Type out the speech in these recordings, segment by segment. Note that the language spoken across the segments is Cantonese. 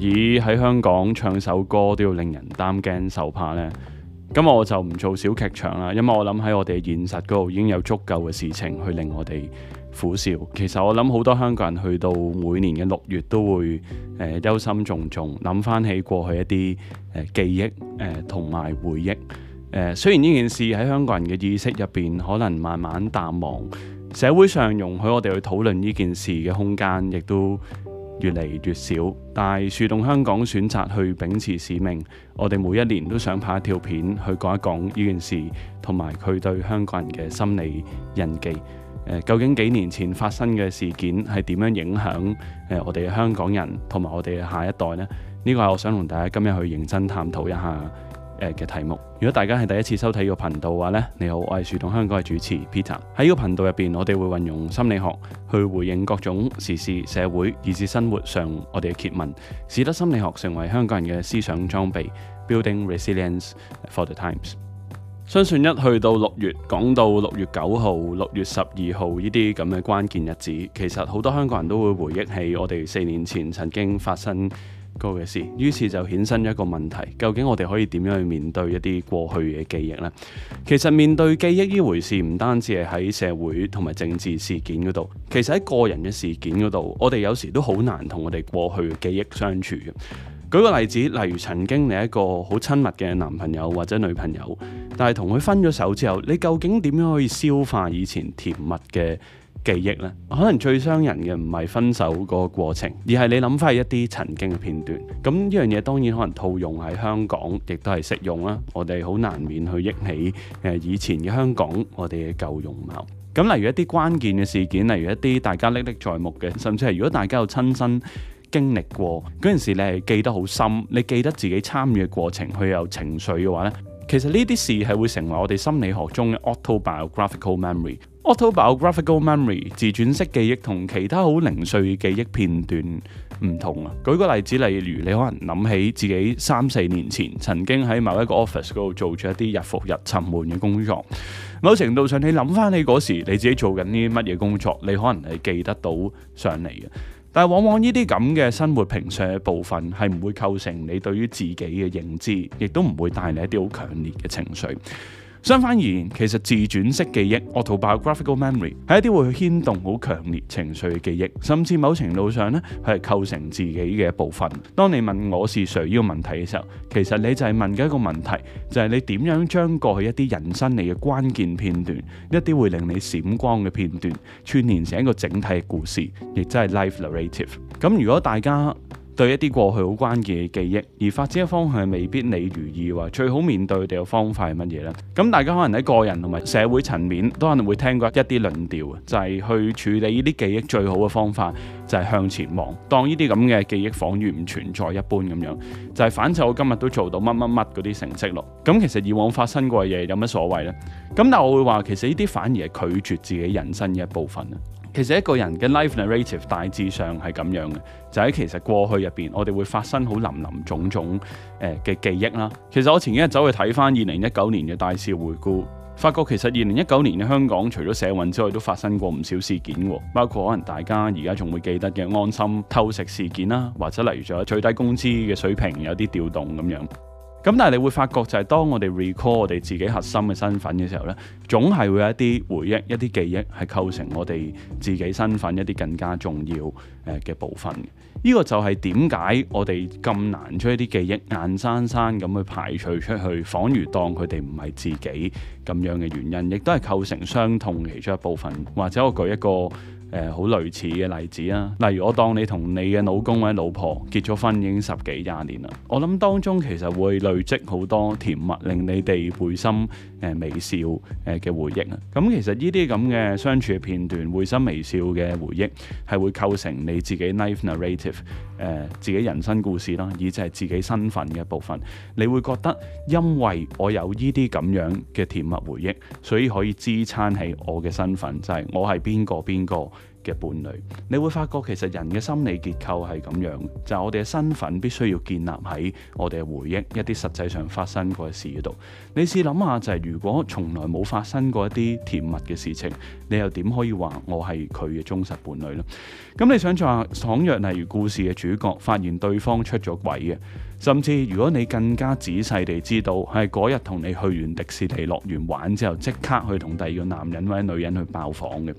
以喺香港唱首歌都要令人擔驚受怕呢，咁我就唔做小劇場啦，因為我諗喺我哋現實嗰度已經有足夠嘅事情去令我哋苦笑。其實我諗好多香港人去到每年嘅六月都會誒、呃、憂心忡忡，諗翻起過去一啲誒、呃、記憶誒同埋回憶。誒、呃，雖然呢件事喺香港人嘅意識入邊可能慢慢淡忘，社會上容許我哋去討論呢件事嘅空間亦都越嚟越少，但係樹洞香港選擇去秉持使命，我哋每一年都想拍一條片去講一講呢件事，同埋佢對香港人嘅心理印記。究竟幾年前發生嘅事件係點樣影響我哋嘅香港人同埋我哋嘅下一代呢？呢個係我想同大家今日去認真探討一下嘅題目，如果大家係第一次收睇呢個頻道嘅話呢，你好，我係樹洞香港嘅主持 Peter 喺呢個頻道入邊，我哋會運用心理學去回應各種時事、社會以至生活上我哋嘅疑問，使得心理學成為香港人嘅思想裝備，building resilience for the times。相信一去到六月，講到六月九號、六月十二號呢啲咁嘅關鍵日子，其實好多香港人都會回憶起我哋四年前曾經發生。嘅事，於是就衍生一個問題，究竟我哋可以點樣去面對一啲過去嘅記憶呢？其實面對記憶呢回事唔單止係喺社會同埋政治事件嗰度，其實喺個人嘅事件嗰度，我哋有時都好難同我哋過去嘅記憶相處。舉個例子，例如曾經你一個好親密嘅男朋友或者女朋友，但係同佢分咗手之後，你究竟點樣可以消化以前甜蜜嘅？記憶咧，可能最傷人嘅唔係分手個過程，而係你諗返一啲曾經嘅片段。咁呢樣嘢當然可能套用喺香港，亦都係適用啦。我哋好難免去憶起以前嘅香港，我哋嘅舊容貌。咁例如一啲關鍵嘅事件，例如一啲大家歷歷在目嘅，甚至係如果大家有親身經歷過嗰件事嗰時，你係記得好深，你記得自己參與嘅過程，佢有情緒嘅話呢，其實呢啲事係會成為我哋心理學中嘅 autobiographical memory。Autobiographical memory，自傳式記憶同其他好零碎的記憶片段唔同啊。舉個例子，例如你可能諗起自己三四年前曾經喺某一個 office 嗰度做咗一啲日復日沉悶嘅工作。某程度上，你諗返起嗰時你自己做緊啲乜嘢工作，你可能係記得到上嚟嘅。但係往往呢啲咁嘅生活平常嘅部分，係唔會構成你對於自己嘅認知，亦都唔會帶嚟一啲好強烈嘅情緒。相反而其實自轉式記憶、autobiographical memory 係一啲會牽動好強烈情緒嘅記憶，甚至某程度上呢，佢係構成自己嘅一部分。當你問我是誰呢個問題嘅時候，其實你就係問緊一個問題，就係、是、你點樣將過去一啲人生你嘅關鍵片段、一啲會令你閃光嘅片段串連成一個整體嘅故事，亦真係 life narrative。咁如果大家，對一啲過去好關鍵嘅記憶，而發展嘅方向未必你如意。話最好面對佢哋嘅方法係乜嘢呢？咁大家可能喺個人同埋社會層面都可能會聽過一啲論調，就係去處理呢啲記憶最好嘅方法就係向前望，當呢啲咁嘅記憶彷彿唔存在一般咁樣，就係反正我今日都做到乜乜乜嗰啲成績咯。咁其實以往發生過嘅嘢有乜所謂呢？咁但我會話，其實呢啲反而係拒絕自己人生嘅一部分。其實一個人嘅 life narrative 大致上係咁樣嘅，就喺、是、其實過去入邊，我哋會發生好林林總總嘅、呃、記憶啦。其實我前幾日走去睇翻二零一九年嘅大事回顧，發覺其實二零一九年嘅香港除咗社運之外，都發生過唔少事件、啊，包括可能大家而家仲會記得嘅安心偷食事件啦、啊，或者例如仲有最低工資嘅水平有啲調動咁樣。咁但係你會發覺就係當我哋 recall 我哋自己核心嘅身份嘅時候呢，總係會有一啲回憶、一啲記憶係構成我哋自己身份一啲更加重要誒嘅部分。呢個就係點解我哋咁難將一啲記憶硬生生咁去排除出去，彷如當佢哋唔係自己咁樣嘅原因，亦都係構成傷痛其中一部分，或者我舉一個。好、呃、類似嘅例子啦、啊，例如我當你同你嘅老公或者老婆結咗婚已經十幾廿年啦，我諗當中其實會累積好多甜蜜，令你哋會心誒微、呃、笑誒嘅、呃、回憶啊。咁其實呢啲咁嘅相處嘅片段、會心微笑嘅回憶係會構成你自己 life narrative、呃、自己人生故事啦，以至係自己身份嘅部分。你會覺得因為我有呢啲咁樣嘅甜蜜回憶，所以可以支撐起我嘅身份，就係、是、我係邊個邊個嘅伴侶，你會發覺其實人嘅心理結構係咁樣的，就係、我哋嘅身份必須要建立喺我哋嘅回憶一啲實際上發生過嘅事度。你試諗下，就係如果從來冇發生過一啲甜蜜嘅事情，你又點可以話我係佢嘅忠實伴侶呢？咁你想像下倘若例如故事嘅主角發現對方出咗軌嘅？甚至如果你更加仔細地知道係嗰日同你去完迪士尼樂園玩之後，即刻去同第二個男人或者女人去爆房嘅，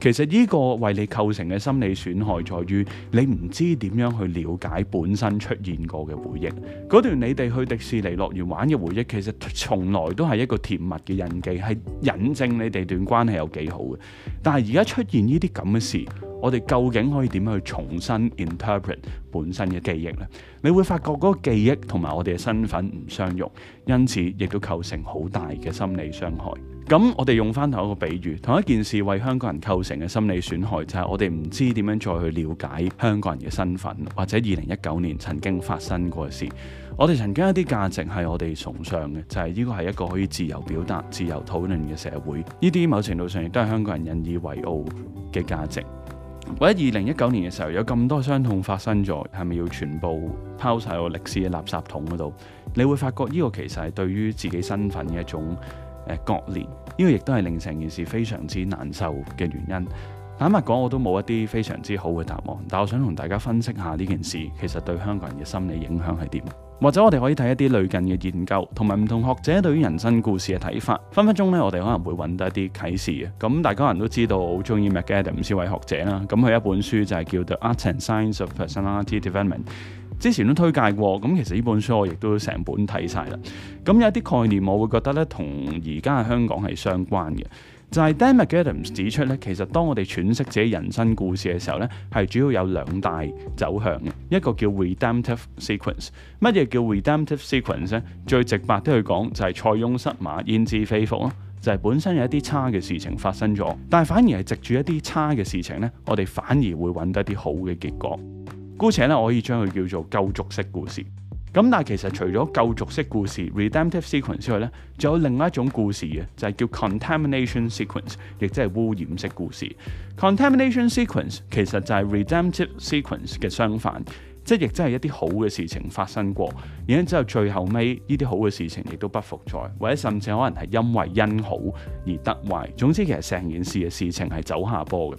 其實，呢個為你構成嘅心理損害，在於你唔知點樣去了解本身出現過嘅回憶。嗰段你哋去迪士尼樂園玩嘅回憶，其實從來都係一個甜蜜嘅印記，係引證你哋段關係有幾好嘅。但係而家出現呢啲咁嘅事。我哋究竟可以點樣去重新 interpret 本身嘅記憶咧？你會發覺嗰個記憶同埋我哋嘅身份唔相容，因此亦都構成好大嘅心理傷害。咁我哋用翻同一個比喻，同一件事為香港人構成嘅心理損害就係我哋唔知點樣再去了解香港人嘅身份，或者二零一九年曾經發生過嘅事。我哋曾經一啲價值係我哋崇尚嘅，就係呢個係一個可以自由表達自由討論嘅社會，呢啲某程度上亦都係香港人引以為傲嘅價值。或者二零一九年嘅時候有咁多傷痛發生咗，係咪要全部拋晒落歷史嘅垃圾桶嗰度？你會發覺呢個其實係對於自己身份嘅一種誒、呃、割裂，呢個亦都係令成件事非常之難受嘅原因。坦白講，我都冇一啲非常之好嘅答案。但我想同大家分析一下呢件事，其實對香港人嘅心理影響係點。或者我哋可以睇一啲類近嘅研究，同埋唔同學者對於人生故事嘅睇法，分分鐘呢，我哋可能會揾到一啲啟示。咁大家人都知道我好中意 McAdams 呢位學者啦，咁佢一本書就係叫做《Art and Science of Personality Development》，之前都推介過。咁其實呢本書我亦都成本睇晒啦。咁有啲概念我會覺得呢同而家嘅香港係相關嘅。就係、是、Dan McAdams 指出咧，其實當我哋詮釋自己人生故事嘅時候咧，係主要有兩大走向嘅，一個叫 Redemptive Sequence。乜嘢叫 Redemptive Sequence 咧？最直白啲去講就係塞翁失馬，焉知非福咯。就係、是、本身有一啲差嘅事情發生咗，但係反而係藉住一啲差嘅事情咧，我哋反而會揾得一啲好嘅結果。姑且咧，我可以將佢叫做救贖式故事。咁但係其實除咗救贖式故事 （redemptive sequence） 之外咧，仲有另外一種故事嘅，就係叫 contamination sequence，亦即係污染式故事。contamination sequence 其實就係 redemptive sequence 嘅相反，即亦即係一啲好嘅事情發生過，然之後最後尾呢啲好嘅事情亦都不復在，或者甚至可能係因為因好而得壞。總之其實成件事嘅事情係走下坡嘅。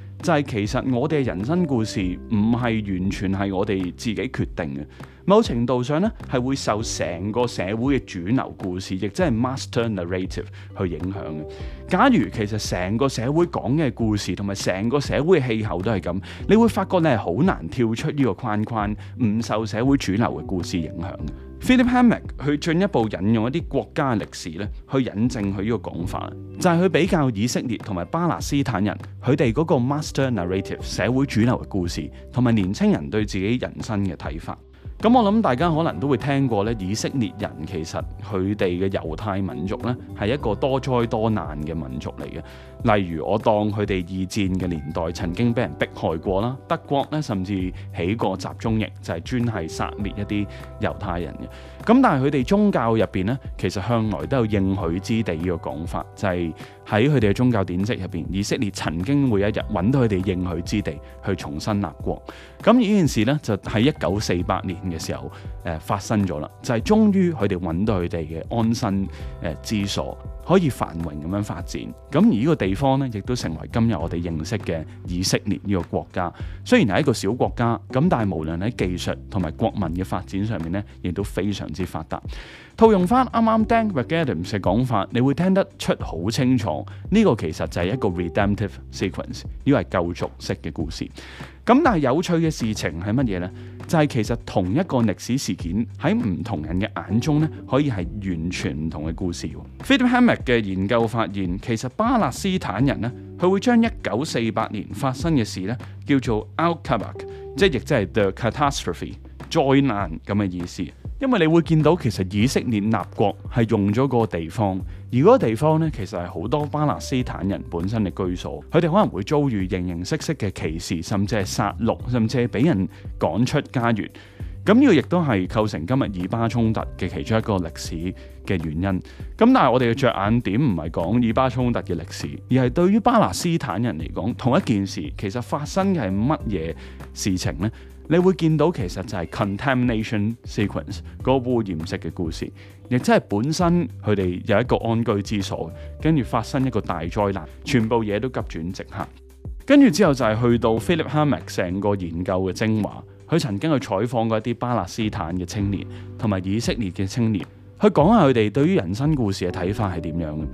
就係其實我哋人生故事唔係完全係我哋自己決定嘅，某程度上咧係會受成個社會嘅主流故事，亦即係 master narrative 去影響嘅。假如其實成個社會講嘅故事同埋成個社會氣候都係咁，你會發覺你係好難跳出呢個框框，唔受社會主流嘅故事影響嘅。Philip Hammack 去進一步引用一啲國家嘅歷史咧，去引證佢呢個講法，就係、是、佢比較以色列同埋巴勒斯坦人佢哋嗰個 master narrative 社會主流嘅故事，同埋年輕人對自己人生嘅睇法。咁我諗大家可能都會聽過咧，以色列人其實佢哋嘅猶太民族呢係一個多災多難嘅民族嚟嘅。例如我當佢哋二戰嘅年代曾經俾人迫害過啦，德國呢甚至起過集中營，就係專係殺滅一啲猶太人嘅。咁但係佢哋宗教入邊呢，其實向來都有應許之地呢個講法，就係喺佢哋嘅宗教典籍入邊，以色列曾經每一日揾到佢哋應許之地去重新立國。咁呢件事呢，就喺一九四八年嘅時候誒、呃、發生咗啦，就係終於佢哋揾到佢哋嘅安身、呃、之所，可以繁榮咁樣發展。咁而呢個地方呢，亦都成為今日我哋認識嘅以色列呢個國家。雖然係一個小國家，咁但係無論喺技術同埋國民嘅發展上面呢，亦都非常。之發達，套用翻啱啱 Dan McAdams 嘅講法，你會聽得出好清楚呢、這個其實就係一個 Redemptive Sequence，呢個係救贖式嘅故事。咁但係有趣嘅事情係乜嘢呢？就係、是、其實同一個歷史事件喺唔同人嘅眼中呢，可以係完全唔同嘅故事。Philip Hammack 嘅研究發現，其實巴勒斯坦人呢，佢會將一九四八年發生嘅事呢，叫做 Alkabak，即係亦即係 The Catastrophe，災難咁嘅意思。因為你會見到其實以色列立國係用咗個地方，而嗰個地方呢，其實係好多巴勒斯坦人本身嘅居所，佢哋可能會遭遇形形色色嘅歧視，甚至係殺戮，甚至係俾人趕出家園。咁、這、呢個亦都係構成今日以巴衝突嘅其中一個歷史嘅原因。咁但係我哋嘅着眼點唔係講以巴衝突嘅歷史，而係對於巴勒斯坦人嚟講，同一件事其實發生嘅係乜嘢事情呢？你會見到其實就係 contamination sequence 個污染式嘅故事，亦即係本身佢哋有一個安居之所，跟住發生一個大災難，全部嘢都急轉直下。跟住之後就係去到 Philip Hammack 成個研究嘅精華，佢曾經去採訪過一啲巴勒斯坦嘅青年同埋以色列嘅青年，去講下佢哋對於人生故事嘅睇法係點樣的。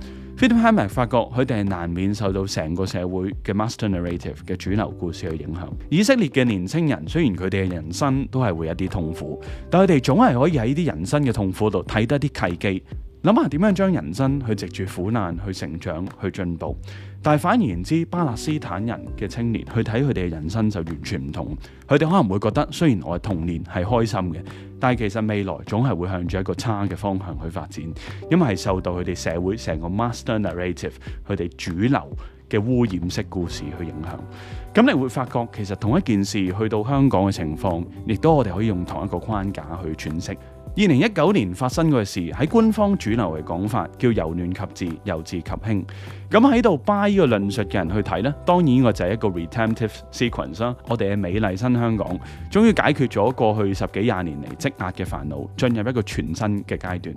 Hammack 發覺佢哋係難免受到成個社會嘅 master narrative 嘅主流故事嘅影響。以色列嘅年輕人雖然佢哋嘅人生都係會有一啲痛苦，但佢哋總係可以喺啲人生嘅痛苦度睇得啲契機。諗下點樣將人生去藉住苦難去成長去進步，但係反而言之，巴勒斯坦人嘅青年去睇佢哋嘅人生就完全唔同，佢哋可能會覺得雖然我嘅童年係開心嘅，但係其實未來總係會向住一個差嘅方向去發展，因為係受到佢哋社會成個 master narrative，佢哋主流嘅污染式故事去影響，咁你會發覺其實同一件事去到香港嘅情況，亦都我哋可以用同一個框架去詮釋。二零一九年發生嘅事，喺官方主流嘅講法叫由亂及治，由治及興。咁喺度 buy 呢個論述嘅人去睇咧，當然依個就係一個 redemptive sequence 啦。我哋嘅美麗新香港，終於解決咗過去十幾廿年嚟積壓嘅煩惱，進入一個全新嘅階段。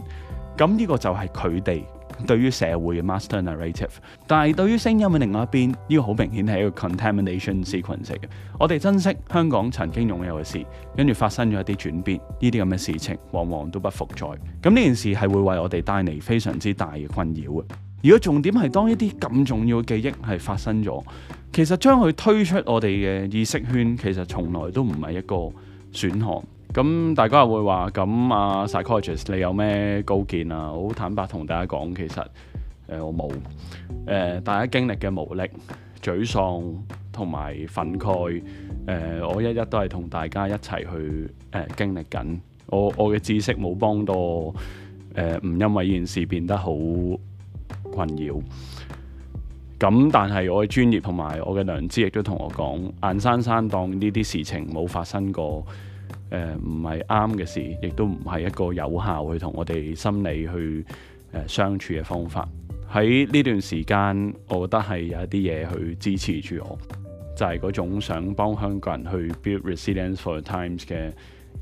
咁呢個就係佢哋。對於社會嘅 master narrative，但係對於聲音嘅另外一邊，呢個好明顯係一個 contamination sequence 嘅。我哋珍惜香港曾經擁有嘅事，跟住發生咗一啲轉變，呢啲咁嘅事情往往都不復在。咁呢件事係會為我哋帶嚟非常之大嘅困擾嘅。如果重點係當一啲咁重要嘅記憶係發生咗，其實將佢推出我哋嘅意識圈，其實從來都唔係一個選項。咁大家又會話咁啊，psychologist，你有咩高見啊？好坦白同大家講，其實誒、呃、我冇誒、呃，大家經歷嘅無力、沮喪同埋憤慨誒、呃，我一一都係同大家一齊去誒、呃、經歷緊。我我嘅知識冇幫到誒，唔、呃、因為呢件事變得好困擾。咁、呃、但係我嘅專業同埋我嘅良知亦都同我講，硬生生當呢啲事情冇發生過。誒唔係啱嘅事，亦都唔係一個有效去同我哋心理去、呃、相處嘅方法。喺呢段時間，我覺得係有一啲嘢去支持住我，就係、是、嗰種想幫香港人去 build resilience for the times 嘅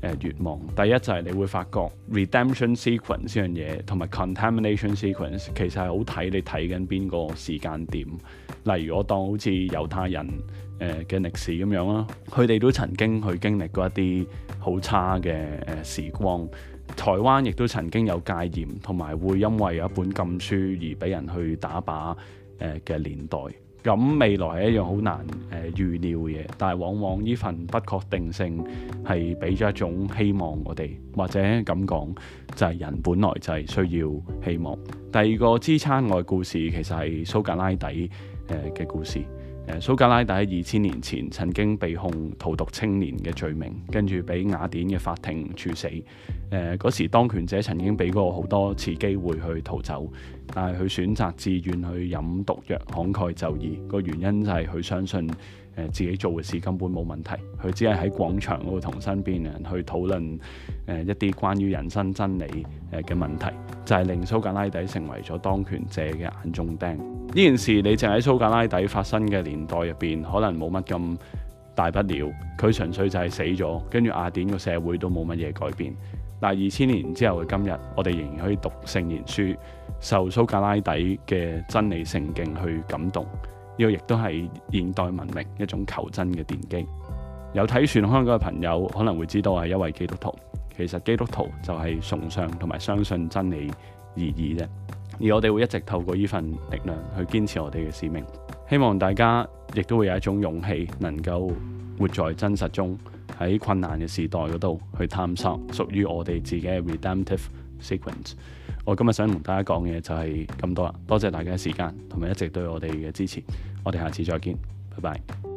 誒願望。第一就係你會發覺 redemption sequence 呢樣嘢同埋 contamination sequence 其實係好睇你睇緊邊個時間點。例如我當好似猶太人。誒嘅歷史咁樣啦，佢哋都曾經去經歷過一啲好差嘅誒時光。台灣亦都曾經有戒嚴，同埋會因為有一本禁書而俾人去打靶誒嘅年代。咁未來係一樣好難誒預料嘅嘢，但係往往呢份不確定性係俾咗一種希望我哋，或者咁講就係人本來就係需要希望。第二個支撐我故事其實係蘇格拉底誒嘅故事。蘇格拉底二千年前曾經被控荼毒青年嘅罪名，跟住俾雅典嘅法庭處死。誒、呃、嗰時當權者曾經俾過好多次機會去逃走，但係佢選擇自願去飲毒藥慷慨就義。個原因就係佢相信，自己做嘅事根本冇問題，佢只係喺廣場度同身邊人去討論誒一啲關於人生真理嘅問題，就係令蘇格拉底成為咗當權者嘅眼中釘。呢件事你淨喺蘇格拉底發生嘅年代入邊，可能冇乜咁大不了，佢純粹就係死咗，跟住雅典個社會都冇乜嘢改變。但係二千年之後嘅今日，我哋仍然可以讀聖賢書，受蘇格拉底嘅真理聖經去感動。呢個亦都係現代文明一種求真嘅奠基。有睇樹洞香港嘅朋友可能會知道，我係一位基督徒。其實基督徒就係崇尚同埋相信真理意義而已啫。而我哋會一直透過呢份力量去堅持我哋嘅使命。希望大家亦都會有一種勇氣，能夠活在真實中，喺困難嘅時代嗰度去探索屬於我哋自己嘅 redemptive sequence，我今日想同大家講嘅就係咁多啦。多謝大家嘅時間同埋一直對我哋嘅支持，我哋下次再見，拜拜。